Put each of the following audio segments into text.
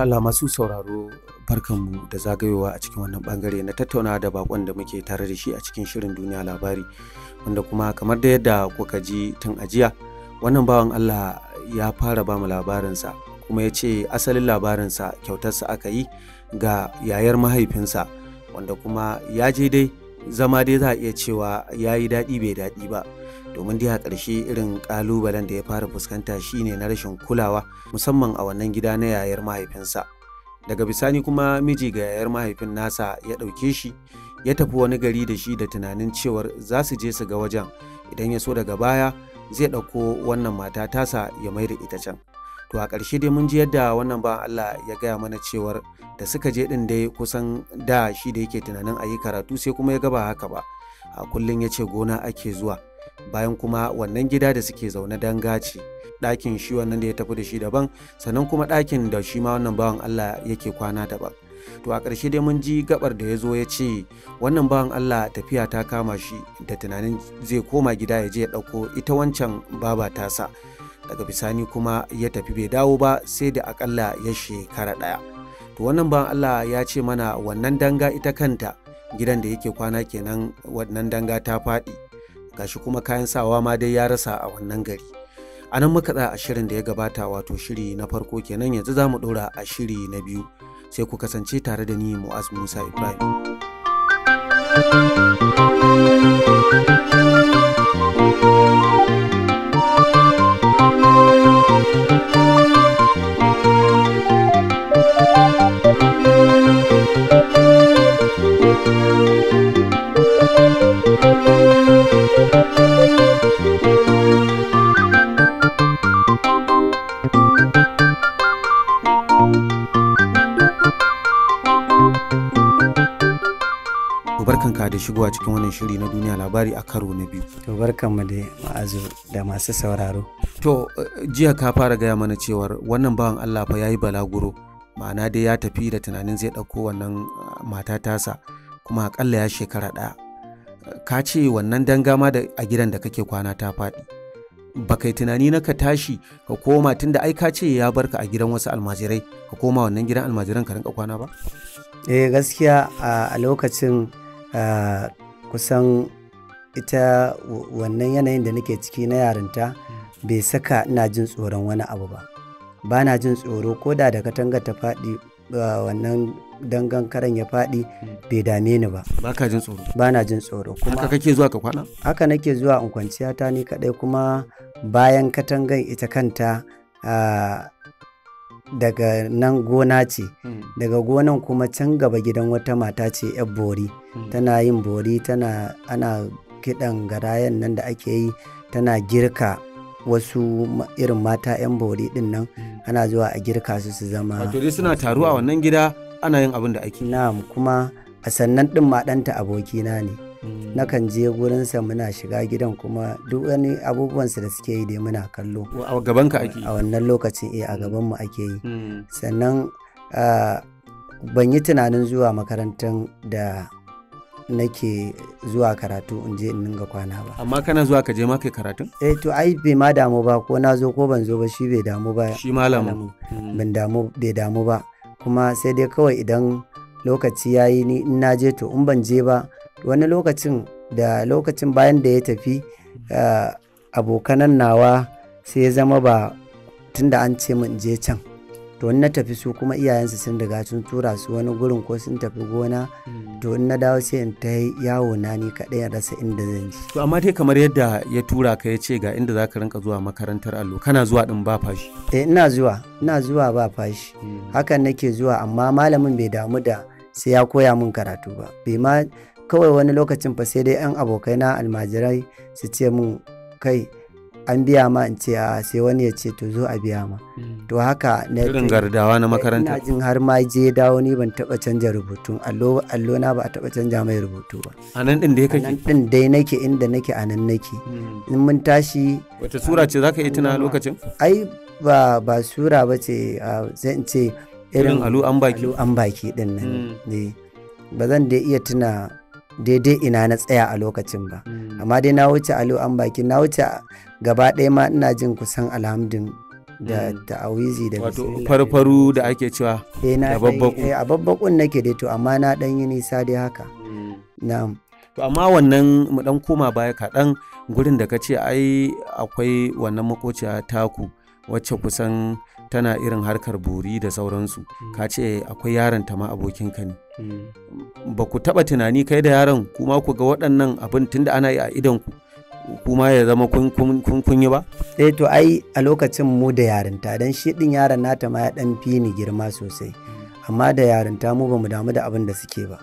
Masha Allah masu sauraro barkanmu da zagayowa a cikin wannan bangare na tattauna da bakon da muke tare da shi a cikin shirin duniya labari wanda kuma kamar da yadda kuka ji tun ajiya wannan bawan Allah ya fara bamu labarinsa kuma ya ce asalin labarinsa kyautarsa aka yi ga yayar mahaifinsa wanda kuma ya je dai zama dai za a iya cewa ya yi daɗi bai daɗi ba. domin dai a ƙarshe irin ƙalubalen da ya fara fuskanta shine na rashin kulawa musamman a wannan gida na yayar mahaifinsa daga bisani kuma miji ga yayar mahaifin nasa ya ɗauke shi ya tafi wani gari da shi da tunanin cewar za su je su ga wajen idan ya so daga baya zai ɗauko wannan mata tasa ya mai da ita can to a ƙarshe dai mun ji yadda wannan ba Allah ya gaya mana cewar da suka je ɗin dai kusan da shi da yake tunanin a yi karatu sai kuma ya gaba haka ba a kullum ya ce gona ake zuwa bayan kuma wannan gida da suke zaune gaci ɗakin shi wannan da ya tafi da shi daban sannan kuma ɗakin da shi ma wannan bawan Allah yake kwana daban to a ƙarshe dai mun ji gabar da ya zo ya ce wannan bawan Allah tafiya ta kama shi da tunanin zai koma gida ya je ya ɗauko ita wancan baba tasa daga bisani kuma ya tafi bai dawo ba sai da akalla ya shekara ɗaya to wannan bawan Allah ya ce mana wannan danga ita kanta gidan da yake kwana kenan wannan danga ta faɗi gashi kuma kayan sawa ma dai ya rasa a wannan gari a nan muka tsaya a shirin da ya gabata wato shiri na farko kenan yanzu za mu ɗora a shiri na biyu sai ku kasance tare da ni mu'az musa ibrahim cikin wannan shiri na duniya labari a karo na biyu. To barkanmu da ma'azu da masu sauraro. To jiya ka fara gaya mana cewar wannan bawan Allah fa yayi balaguro ma'ana dai ya tafi da tunanin zai ɗauko wannan ah, mata tasa kuma akalla ya shekara ɗaya. Ka ce wannan dangama da a gidan da kake kwana ta faɗi. Baka yi tunani na ka tashi ka koma tunda ai ka ce ya barka a gidan wasu almajirai ka koma wannan gidan almajiran ka rinka kwana ba? eh gaskiya ah, a lokacin Ah, kusan ita wannan yanayin da nake ciki na yarinta bai saka ina jin tsoron wani abu ba ba na jin tsoro ko da da katanga ta faɗi wannan dangan karen ya faɗi bai dame ni ba ba ka jin tsoro ba na jin tsoro kuma haka kake zuwa ka kwana haka nake zuwa in kwanciya ta ni kadai kuma bayan katangan ita kanta ah, daga nan gona ce hmm. daga gonan kuma can gaba gidan wata mata ce 'yar bori hmm. tana yin bori tana ana kiɗan garayen nan da ake yi tana girka wasu irin mata 'yan bori din nan hmm. ana zuwa a girka su su zama dai suna taruwa wannan gida ana yin abin da ake na'am kuma a sannan din ma ɗanta abokina ne Mm. na kan je gurinsa muna shiga gidan kuma duk wani abubuwansa da suke yi dai muna kallo a gaban ka ake a wannan lokacin eh a gaban mu ake yi mm. sannan ban yi tunanin zuwa makarantar da nake zuwa karatu in je in ga kwana ba amma kana zuwa ka je ma kai karatun eh to ai bai ma damu ba ko na zo ko ban zo ba shi bai damu ba shi malamu mm. ban damu bai damu ba kuma sai dai kawai idan lokaci yayi ni in na je to in ban je ba wani lokacin da lokacin bayan da ya tafi eh, abokanan nawa sai ya zama ba tunda an ce min je can to na tafi su kuma iyayensu sun riga sun tura su wani gurin ko sun tafi gona to na dawo sai in ta yawo na ni kaɗai in rasa inda zan je. to amma dai kamar yadda ya tura ka ya ce ga inda za ka rinka zuwa makarantar allo kana zuwa din ba fashi. eh ina zuwa ina zuwa ba fashi hmm. hakan nake zuwa amma malamin bai damu da sai ya koya min karatu ba bai ma kawai wani lokacin fa sai dai yan abokai na almajirai su ce mun kai an biya ma in ce a sai wani ya ce to zo a biya ma hmm. to haka na irin gardawa na makaranta ina jin har ma je dawo ni ban taba canja rubutu allo allo na ba a taba canja mai rubutu ba anan din da kake anan din dai nake inda nake anan nake hmm. in mun tashi wata sura ce zaka yi tuna lokacin ai ba ba sura ba ce in ce irin alu an baki an baki din nan hmm. ne ba zan iya tuna daidai ina na tsaya a lokacin ba hmm. amma dai na wuce alo an baki na wuce gaba ɗaya ma ina jin kusan alhamdin da hmm. ta'awizi da wato farfaru da ake cewa eh, da babbaku eh, a babbakun nake dai to amma na dan yi nisa dai haka hmm. na'am to amma wannan mu dan koma baya kaɗan gurin da ka ce ai akwai wannan makociya taku wacce kusan tana irin harkar bori da sauransu ka ce akwai yaron ta ma abokinka ne ba ku taɓa tunani kai da yaron kuma ku ga waɗannan abin tunda ana yi a idan ku kuma ya zama kun yi ba? Eh to ai a lokacin mu da yarinta don shi ɗin yaron nata ma ya ɗan fi ni girma sosai amma da yarinta mu bamu damu da abin da suke ba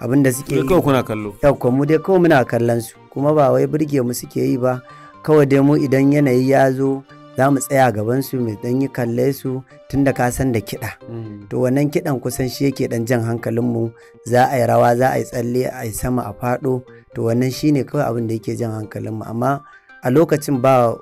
abin da suke yi kuna kallo yau mu dai kawai muna kallon su kuma ba wai burge mu suke yi ba kawai dai mu idan yanayi ya zo za mu tsaya gaban su mai dan yi kalle su tun da ka san da kiɗa mm. to wannan kiɗan kusan shi yake dan jan hankalin mu za a yi rawa za a yi tsalle a yi sama a faɗo to wannan shi ne kawai abin da yake jan hankalin mu amma a lokacin ba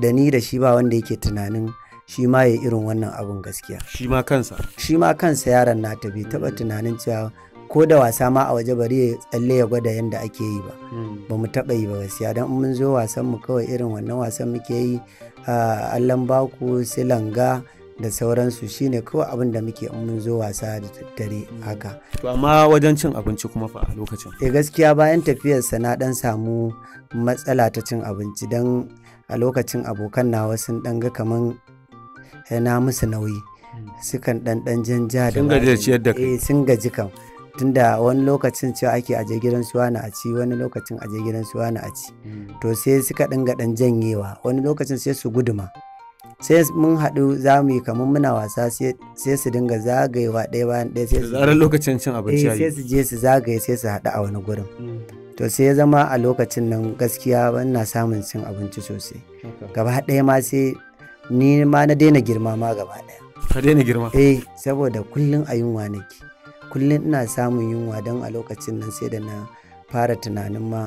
da ni da shi ba wanda yake tunanin shi ma ya irin wannan abun gaskiya shi ma kansa shi ma kansa yaron na ta bi taba tunanin cewa ko da wasa ma a waje bari ya tsalle ya gwada yadda ake yi ba hmm. ba mu taɓa yi ba gaskiya don mun zo wasan mu kawai irin wannan wasan muke yi allan baku silanga da sauransu shine kawai abin da muke in mun zo wasa da tattare haka hmm. to amma wajen cin abinci kuma fa a lokacin eh gaskiya bayan tafiyarsa na dan samu matsala ta cin abinci don a lokacin abokan nawa sun dan ga kaman eh, na musu nauyi hmm. sukan dan dan janja da sun gaji ciyar da kai eh sun gaji kam tunda wani lokacin cewa ake aje gidan su wani a ci wani lokacin aje gidan su wani a ci hmm. to sai suka dinga dan janyewa wani lokacin sai su guduma sai mun haɗu za mu yi kamar muna wasa sai su dinga zagayewa ɗaya bayan ɗaya sai su zarar lokacin cin abinci eh, sai su je su zagaye sai su haɗu a wani gurin hmm. to sai ya zama a lokacin nan gaskiya na samun cin abinci sosai gaba ɗaya ma sai ni ma na daina girma ma gaba ɗaya ka daina girma eh saboda kullum a yunwa nake kullum ina samun yunwa don a lokacin nan sai da na fara tunanin ma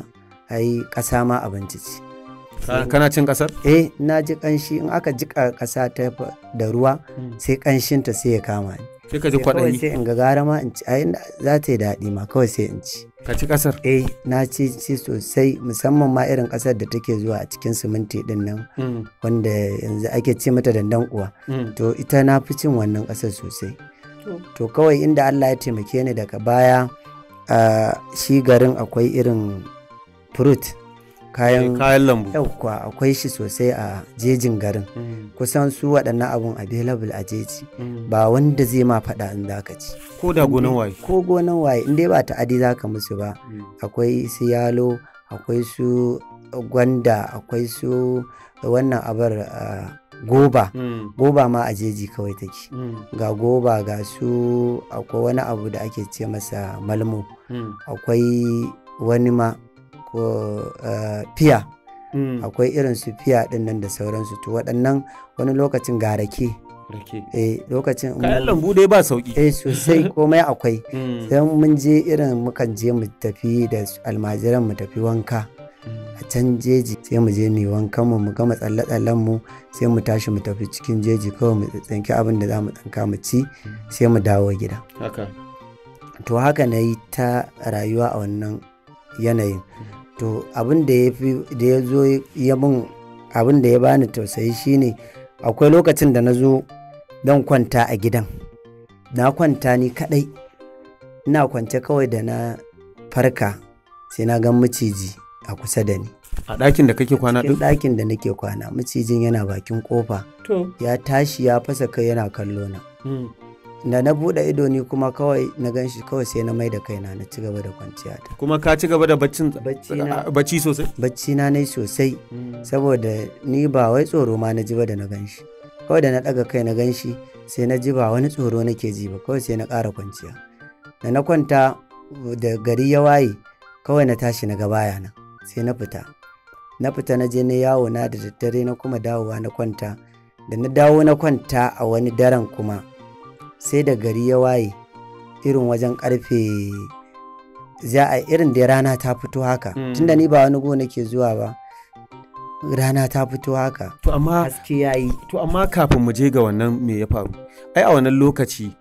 ai ƙasa ma abinci ce kana cin ƙasar? eh na ji ƙanshi in aka jiƙa ƙasa ta da ruwa hmm. sai ƙanshinta sai ya kama ni sai ka ji kwaɗayi sai in ga gara ma in ci ai za ta yi daɗi ma kawai sai in ci ka ci ƙasar? eh na ci ci sosai musamman ma irin ƙasar da take zuwa a cikin siminti ɗin nan hmm. wanda yanzu ake ce mata dandan uwa hmm. to ita na fi cin wannan ƙasar sosai to kawai inda Allah ya taimake ni daga baya shi garin akwai irin fruit eh, kayan lambu yauwa akwai shi sosai a jejin garin mm. kusan su waɗannan abun available a jeji mm. ba wanda zai ma faɗa in zaka ci ko da gonan waye ko gonan waye in ba ta adi zaka musu ba mm. akwai su yalo akwai su gwanda akwai su wannan abar goba mm. goba ma a jeji kawai take mm. ga goba ga su akwai wani abu da ake ce masa malmo mm. akwai wani ma ko fiya eh, akwai irin su fiya din nan da sauransu to waɗannan wani lokacin ga rake eh lokacin kayan lambu dai ba sauki eh sosai komai akwai sai mun je irin mukan je mu tafi da almajiran mu tafi wanka a can jeji sai mu je mu wanka mu mu gama tsalle-tsallen mu sai mu tashi mu tafi cikin jeji kawai mu tsinki abin da za mu tsanka mu ci sai mu dawo gida to haka na yi ta rayuwa a wannan yanayin to abin da ya fi da ya zo ya abin da ya bani tausayi shine akwai lokacin da na zo don kwanta a gidan na kwanta ni kadai ina kwance kawai da na farka sai na ga maciji a kusa da ni a ɗakin da kake kwana ɗin ɗakin da nake kwana macijin yana bakin To. ya tashi ya fasa kai yana kallo na hmm. da na buɗe ido ni kuma kawai na gan shi kawai sai na mai da kaina na ci gaba da kwanciya ta kuma ka ci gaba da baccin bacci sosai bacci na nai sosai hmm. saboda ni ba wai tsoro ma na ji ba da na gan shi kawai da na ɗaga kai na gan shi sai na ji ba wani tsoro nake ji ba kawai sai na ƙara kwanciya da na kwanta da gari ya waye kawai na tashi na ga bayana sai na fita na fita na je na yawo na da daddare na kuma dawowa na kwanta da na dawo na kwanta a wani daren kuma sai da gari ya waye irin wajen karfe za a irin da rana ta fito haka mm. tunda ni ba wani gona ke zuwa ba rana ta fito haka to amma haske yayi to amma kafin mu je ga wannan me ya faru ai a wannan lokaci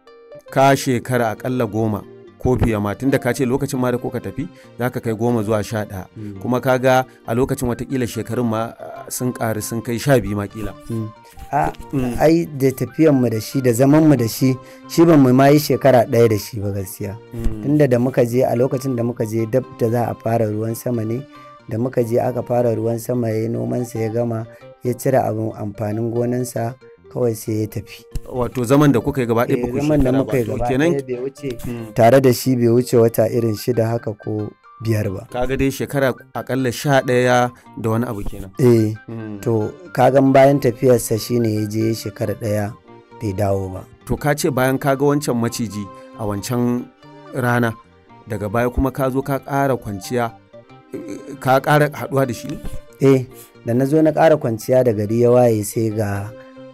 ka shekara akalla goma ko fiye ma tunda ka ce lokacin ma da ko ka tafi za ka kai goma zuwa sha ɗaya mm. kuma ka ga a lokacin watakila shekarun ma sun ƙari sun kai sha biyu ma kila. Mm. Mm. ai da tafiyan mu da shi da zaman mu da shi shi ban mu ma yi shekara ɗaya da shi ba gaskiya tunda da muka je a lokacin da muka je dab da za a fara ruwan sama ne da muka je aka fara ruwan sama ya yi nomansa ya gama ya cire abin amfanin gonansa kawai sai ya tafi wato zaman da kuka yi gaba ɗaya ba eh, zaman da muka yi gaba bai wuce hmm. tare da shi bai wuce wata irin shida haka ko biyar ba kaga dai shekara akalla sha ɗaya da wani abu kenan eh hmm. to kagan bayan tafiyarsa shine ya je shekara ɗaya bai dawo ba to ka ce bayan kaga wancan maciji a wancan rana daga baya kuma ka zo ka ƙara kwanciya ka ƙara haɗuwa da shi eh da na zo na ƙara kwanciya da gari ya waye sai ga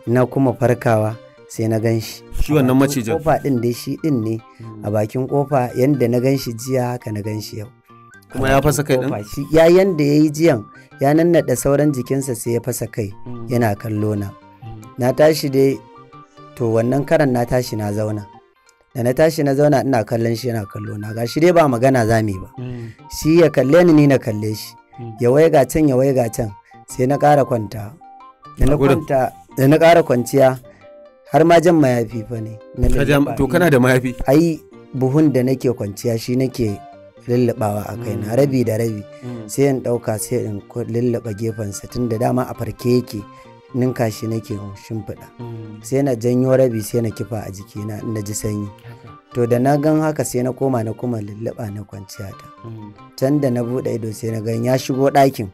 na kuma farkawa sai na gan shi shi wannan macijin kofa ɗin dai shi ɗin ne hmm. a bakin kofa yanda na gan shi jiya haka na gan shi yau kuma ya fasa kai din ya yanda ya yi jiyan ya nannaɗa sauran jikinsa sai ya fasa kai hmm. yana kallo na hmm. na tashi dai to wannan karan na tashi na zauna da na tashi na zauna ina kallon shi yana kallo na gashi dai ba magana yi ba shi ya kalle ni ni na kalle shi ya waiga can ya waiga can sai na ƙara kwanta da na kwanta da na ƙara kwanciya har ma jan mayafi fa ne to kana da mayafi ai buhun da nake kwanciya shi nake lullubawa a kaina mm. rabi da rabi mm. sai in ɗauka sai in lullaba gefensa tun da dama a farke yake ninka shi nake shimfiɗa mm. sai na janyo rabi sai na kifa a jikina na ji sanyi to da na gan haka sai na koma na kuma lullaba na kwanciya ta can da na buɗe ido sai na gan ya shigo ɗakin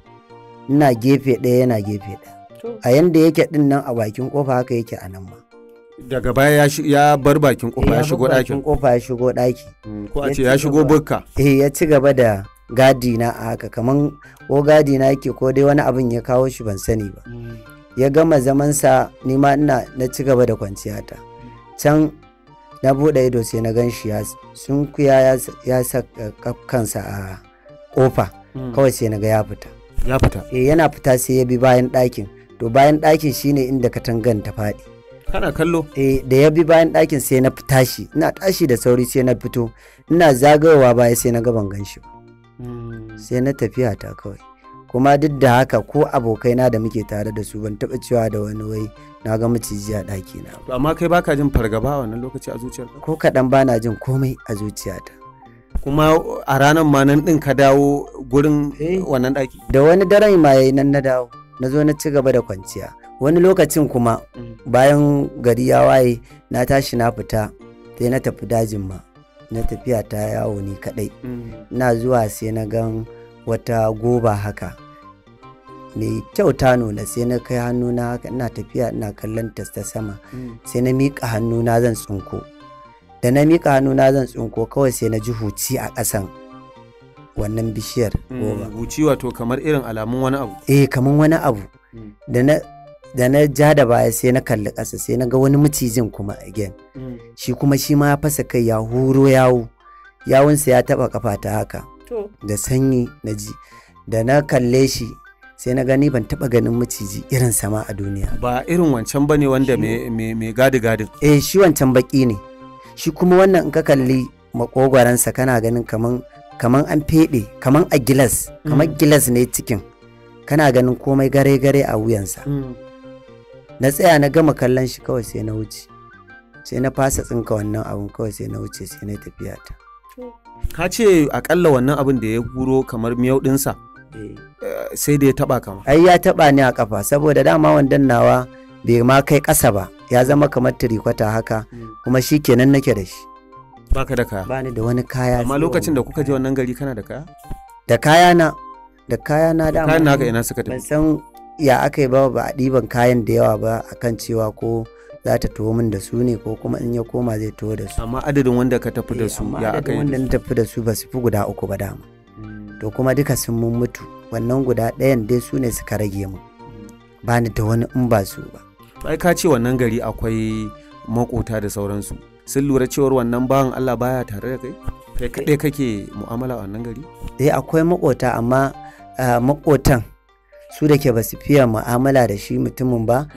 ina gefe ɗaya yana gefe ɗaya a yanda yake din nan a bakin kofa haka yake a nan ma daga baya ya bar bakin kofa ya shigo ɗakin kofa ya shigo daki hmm, ko a ce ya shigo bukka eh ya ci gaba da gadi na a haka kaman ko gadi na yake ko dai wani abin ya kawo shi ban sani ba hmm. ya gama zamansa ni ma ina na ci gaba da ta. can na bude ido sai na gan shi sun kuya ya saka kansa a kofa hmm. kawai sai na ga ya fita ya fita eh yana fita sai ya bi bayan ɗakin to bayan ɗakin shine inda katangan ta faɗi kana kallo eh da ya bi bayan ɗakin sai na tashi ina tashi da sauri sai na fito ina zagawa baya sai na gaban ganshi hmm. sai na tafiya ta kawai kuma duk da haka ko abokaina da muke tare da su ban taɓa cewa da wani wai na ga maciji a ɗaki na to amma kai baka jin fargaba a wannan lokaci a zuciyar ko kaɗan bana jin komai a zuciyata kuma a ranar ma nan ɗin ka dawo gurin eh. wannan ɗaki da wani daren ma yayi nan na dawo na zo na ci gaba da kwanciya wani lokacin kuma mm. bayan gari ya waye na tashi na fita sai na tafi dajin ma na tafiya ta yawo ni kadai mm. na zuwa sai na gan wata goba haka mai kyau ta nuna sai na kai hannuna haka ina tafiya ina kallon ta sama mm. sai na miƙa hannuna zan tsunko da na miƙa hannuna zan tsunko kawai sai na ji huci a ƙasan wannan bishiyar mm, goma. buci wato kamar irin alamun wani abu eh kamar wani abu mm. da na da na ja da baya sai na kalli ƙasa sai na ga wani macijin kuma again mm. shi kuma shi ma ya fasa kai ya huro yawo yawunsa ya taɓa kafa ta haka da sanyi na ji da na kalle shi sai na gani ban taɓa ganin maciji irin sama a duniya ba irin wancan ba ne wanda mai gadi gadin eh shi wancan baki ne shi kuma wannan in ka kalli makogwaransa kana ganin kamar. kaman an feɗe kaman a gilas kaman mm. gilas ne cikin kana ganin komai gare-gare a wuyansa mm. na tsaya na gama kallon shi kawai sai na wuce sai na fasa tsinka wannan abun kawai sai na wuce sai na tafiya ta ka ce akalla wannan abin da ya guro kamar miyau dinsa eh. eh, sai da ya taba kama ai ya taba ni a kafa saboda dama wandan nawa bai ma kai ƙasa ba ya zama kamar tirikwata haka mm. kuma shi kenan nake da shi baka da kaya bani da wani kaya amma lokacin da kuka je wannan gari kana da kaya da kaya na da kaya na da kayan naka ina suka tafi ban san ya aka yi ba ba a ɗiban kayan da yawa ba akan cewa ko za ta tuwo min da su ne ko kuma in ya koma zai tuwo da su amma adadin wanda ka tafi da eh, su ya aka yi adadin wanda na tafi da su ba su fi guda uku ba dama hmm. to kuma duka sun mun mutu wannan guda ɗayan dai su ne suka rage mu hmm. ba ni da wani in ba su ba ai ka ce wannan gari akwai makota da sauransu sun lura cewar wannan bawan Allah baya tare da kai kai eh. kaɗai kake mu'amala a wannan gari eh akwai makota amma makotan su da ke ba su fiya mu'amala da shi mutumin ba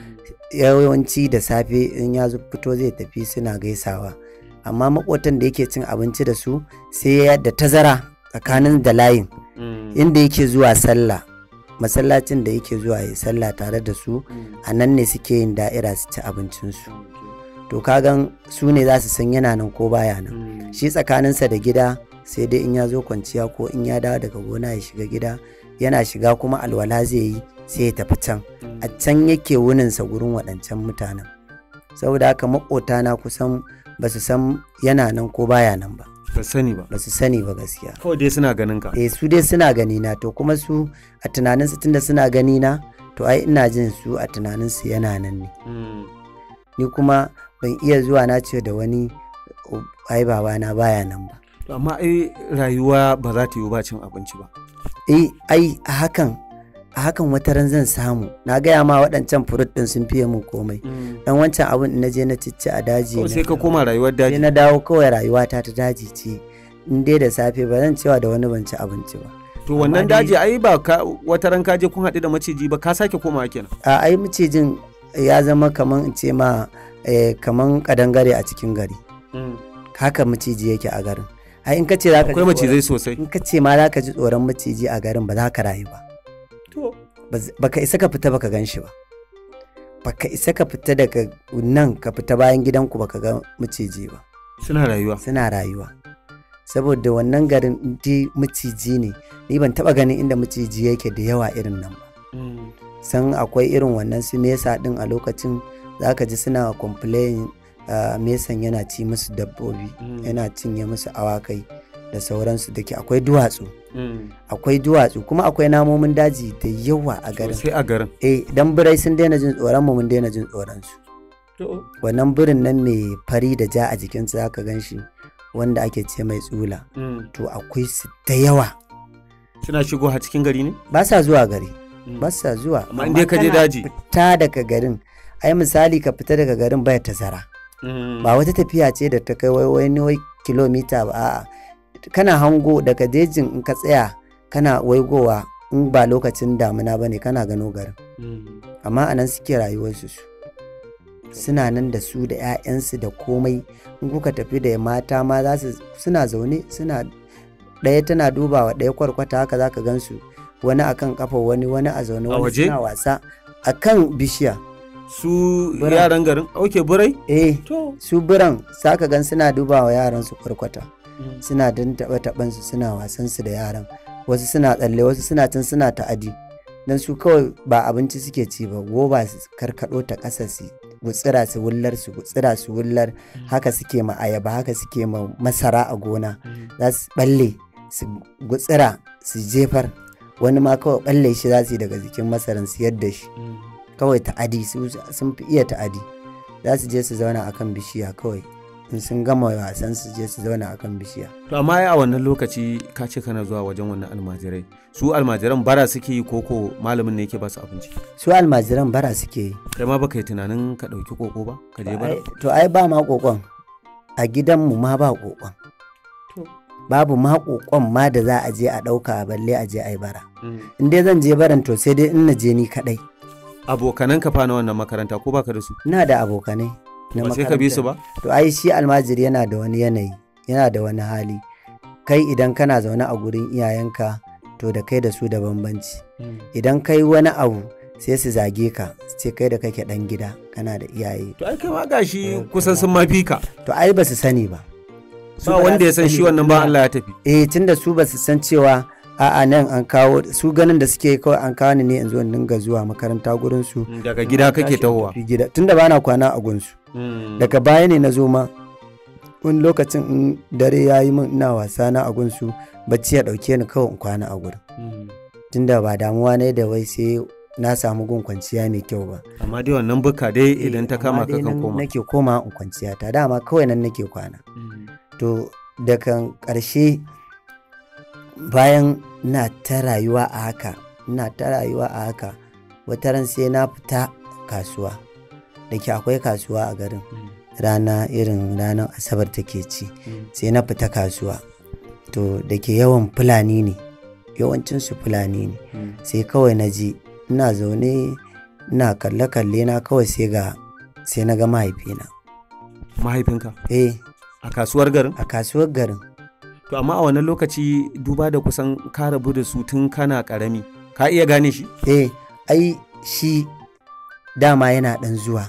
yawanci da safe in ya fito zai tafi suna gaisawa amma makotan da yake cin abinci da su sai da tazara tsakanin da layin mm. inda yake zuwa sallah masallacin da yake zuwa ya sallah tare da su mm. a nan ne suke yin da'ira su ci abincinsu mm. to gan su ne za su san yana nan ko baya nan mm. shi tsakaninsa da gida sai dai in ya zo kwanciya ko in ya dawo daga gona ya shiga gida yana shiga kuma alwala zai yi sai ya tafi can a mm. can yake wuninsa gurin waɗancan mutanen saboda haka na kusan ba su san yana nan ko baya nan ba ba sani ba su sani ba gaskiya kawai dai suna ganin ka eh su dai suna gani na to kuma su a tunanin su tunda suna gani na to ai ina jin su a tunanin su yana nan ne mm. ni kuma ban iya zuwa na ce da wani ai babana baya nan ba amma ai rayuwa ba za ta yi ba cin abinci ba eh ai a hakan a hakan wata ran zan samu na gaya ma waɗancan furut ɗin sun fiye mu komai mm. dan wancan abin na je na cicci a daji sai ka koma rayuwar daji na dawo kawai rayuwa ta daji ce in dai da safe ba zan cewa da wani ban ci abinci ba to wannan daji ai ba ka wata ran ka je kun haɗu da maciji ba ka sake komawa kenan a ai macijin ya zama kaman in ce ma eh, kaman kadangare a cikin gari mm. haka maciji yake a garin ai in kace zaka akwai macizai sosai in kace ma zaka ji tsoron maciji a garin ba za ka rayu ba to baka isa ka fita baka gan shi ba baka isa ka fita daga nan ka fita bayan gidanku baka ga maciji ba suna rayuwa suna rayuwa saboda wannan garin di maciji ne ni ban taba ganin inda maciji yake da yawa irin nan ba mm. san akwai irin wannan su mesa din a lokacin za ka ji suna complain mesan yana ci musu dabbobi mm. yana cinye musu awakai da sauransu da ke akwai duwatsu mm. akwai duwatsu kuma akwai namomin daji da yawa a garin sai a garin eh dan birai sun daina jin tsoron mu mun daina jin tsoron su oh. wannan birin nan mai fari da ja a jikin su zaka ganshi wanda ake ce mai tsula mm. to akwai su da yawa suna shigo a cikin gari ne ba sa zuwa gari ba sa zuwa amma inda ka je daji fita daga garin ai misali ka fita daga garin baya tazara mm. ba wata tafiya ce da ta kai wani kilomita ba a'a kana hango daga dejin in ka tsaya kana waigowa in ba lokacin damina ba ne kana gano garin mm. amma anan suke rayuwarsu su suna nan da su da 'ya'yansu da komai in kuka tafi da mata ma za su suna zaune suna ɗaya tana dubawa ɗaya kwarkwata haka za ka gansu wani akan kafa wani wani a zaune wani suna wasa akan bishiya su yaran garin ok birai eh su biran saka gan suna dubawa yaran su kwarkwata mm. suna dan taba taban su suna wasan su da yaran wasu suna tsalle wasu suna tun suna ta'adi dan su kawai ba abinci suke ci ba goba su karkado ta kasa su gutsira su wullar su gutsira su wullar mm. haka suke ma ayaba haka suke ma masara a gona mm. za su balle su gutsira su jefar wani ma kawai balle shi za su yi daga jikin masarin su yadda shi kawai ta'adi sun fi iya ta'adi za su je su zauna akan bishiya kawai in sun gama wasan su je su zauna akan bishiya to amma a wannan lokaci ka ce kana zuwa wajen wannan almajirai su almajiran bara suke yi koko malamin ne yake ba su abinci su almajiran bara suke yi kai ma baka yi tunanin ka dauki koko ba ka je bara to ai ba ma kokon a gidanmu ma ba kokon babu ma kokon ma da za a je a dauka balle a je ai bara mm. in dai zan je baran to sai dai in na je ni kadai abokanan ka fa na wannan makaranta ko baka da su ina da abokanai na makaranta sai ka bi su ba to ai shi almajiri yana da wani yanayi yana da wani hali kai idan kana zaune a gurin iyayenka to da kai da su da bambanci hmm. idan kai wani abu sai su zage ka ce kai da kake dan gida kana da iyaye to ai kai ma gashi eh, kusan sun mafi ka to ai ba su sani ba ba wanda ya san shi wannan ba Allah ya tafi eh tunda su ba su san cewa a'a nan an kawo su ganin da suke kawai an kawo ni ne in zo in dinga zuwa makaranta gurin su daga gida kake tahowa gida tunda bana kwana a su. Hmm. daga baya ne na zo ma wani lokacin in dare ya yi min ina wasa na a su bacci ya dauke ni kawai in kwana a gurin hmm. tunda ba damuwa ne da wai sai na samu gun kwanciya mai kyau ba amma dai wannan buka dai eh, idan ta kama ka kan koma nake koma in kwanciya ta dama kawai nan nake kwana hmm. to daga karshe bayan na ta rayuwa a haka na ta rayuwa a haka wata ran sai na fita kasuwa da ke akwai kasuwa a garin mm. rana irin ranar asabar take ci mm. sai na fita kasuwa to da ke yawan fulani ne yawancinsu fulani ne mm. sai kawai na ji ina zaune ina kalle-kalle na kawai sai ga sai na ga mahaifina mahaifinka eh a kasuwar garin a kasuwar garin to amma a wannan lokaci duba da kusan ka rabu da su tun kana karami ka iya gane shi eh ai shi dama yana dan zuwa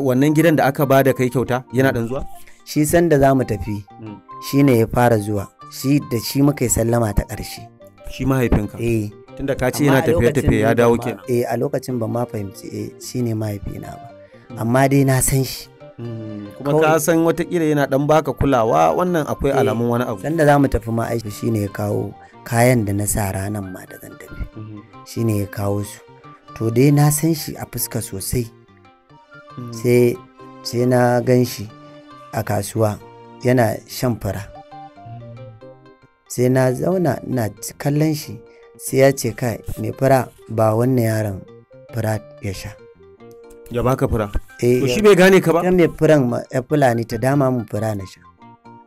wannan gidan da aka ba da kai kyauta yana dan zuwa shi sanda za mu tafi hmm. shi ne ya fara zuwa shi da shi muka yi sallama ta ƙarshe shi mahaifinka eh tunda ka ce yana tafiye tafiye ya dawo kenan eh a lokacin ban ma fahimci eh shine mahaifina ba amma dai na san shi Mm, kuma ka san watakila yana dan baka kulawa wannan akwai eh, alamun wani abu sanda za mu tafi ma aiki shine ya kawo kayan da na sa ranan ma da zan tafi mm-hmm. shine ya kawo su to dai na san shi a fuska sosai mm. sai sai na gan shi a kasuwa yana shan fara. sai na zauna na kallon shi sai ya ce kai mai fura ba wannan yaron fura ya sha ya baka fura Eh, to shi bai gane ka ba Kan mai furan ya fulani ta dama mun fura na sha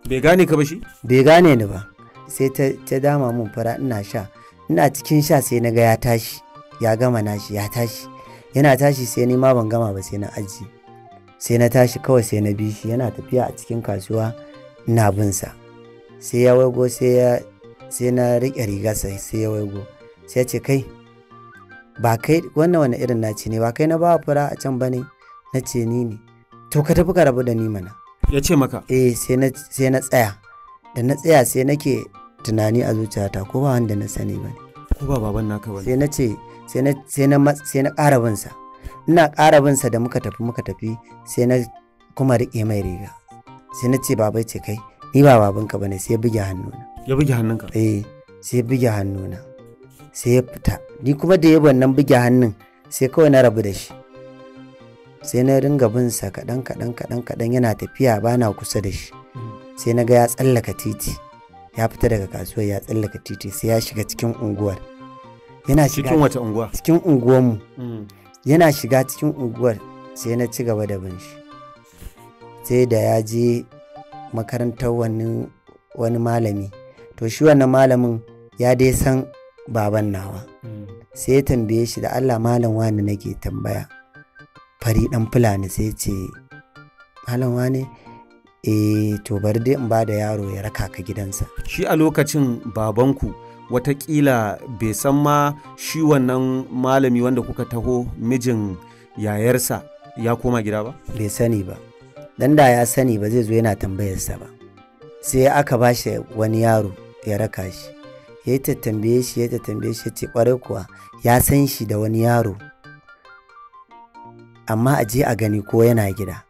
bai gane ka ba shi bai gane ni ba sai ta dama mun fura ina sha ina cikin sha sai naga ga ya tashi ya gama na shi ya tashi yana tashi sai ni ma ban gama ba sai na aji sai na tashi kawai sai na bi shi yana tafiya a cikin kasuwa ina bin sa sai ya waigo sai ya sai na riƙe rigarsa sai ya waigo sai ya ce kai ba kai wannan wani irin naci ne ba kai na ba fura a can ba ne na ce ni ne to ka tafi ka rabu da ni mana ya ce maka eh sai na tsaya da na tsaya sai nake tunani a zuciyata ko ba wanda na sani ba ne ko ba baban naka ba sai na ce sai na sai na ƙara bin sa ina ƙara bin sa da muka tafi muka tafi sai na kuma riƙe mai riga sai na ce babai ce kai ni ba babanka bane sai ya buge hannuna ya buge hannunka eh sai ya buge hannuna sai ya fita ni kuma da ya wannan buge hannun sai kawai na rabu da shi sai na ringa bin sa kaɗan kaɗan kaɗan kaɗan yana tafiya bana kusa da shi sai na ga ya tsallaka titi ya fita daga kasuwar ya tsallaka titi sai ya shiga cikin unguwar yana shiga cikin wata unguwa cikin unguwar mu mm. yana shiga cikin unguwar sai na ci gaba da bin shi sai da ya je makarantar wani wani malami to shi wannan malamin ya dai san baban nawa mm. sai ya tambaye shi da Allah malam wani nake tambaya fari ɗan fulani sai ce malam wane e to bari dai in ba da yaro ya raka ka gidansa shi a lokacin babanku watakila bai san ma shi wannan malami wanda kuka taho mijin yayarsa ya koma gida ba bai sani ba dan da ya sani ba zai zo yana tambayarsa ba sai aka ba shi wani yaro ya raka shi ya ta tambaye shi ya ta tambaye shi ya ce kwarai kuwa ya san shi da wani yaro amma a je a gani ko yana gida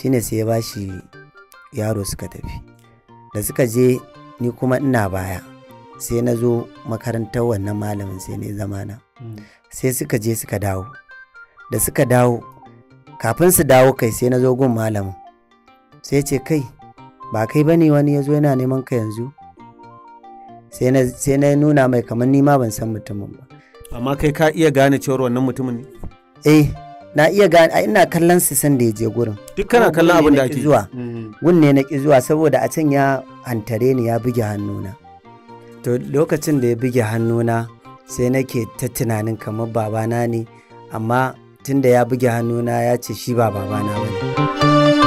Shi ne sai ya ba shi yaro suka tafi da suka je ni kuma ina baya sai na zo makarantar wannan malamin sai ne zamana hmm. sai suka je suka dawo da suka dawo kafin su dawo kai sai na zo gun malamin sai ce kai ba kai ba ne wani ya zo yana neman ka yanzu sai na nuna mai kamar nima ban san mutumin ba amma kai ka iya gane cewar wannan mutumin ne eh na iya gane ina kallon su san da ya je gurin duk kana kallon abin da ake zuwa mm. gun ne na ki zuwa saboda a can ya hantare ni ya buge hannuna to lokacin da ya buge hannuna sai nake ta tunanin kamar babana ne amma tunda ya buge hannuna ya ce shi ba babana ba ne.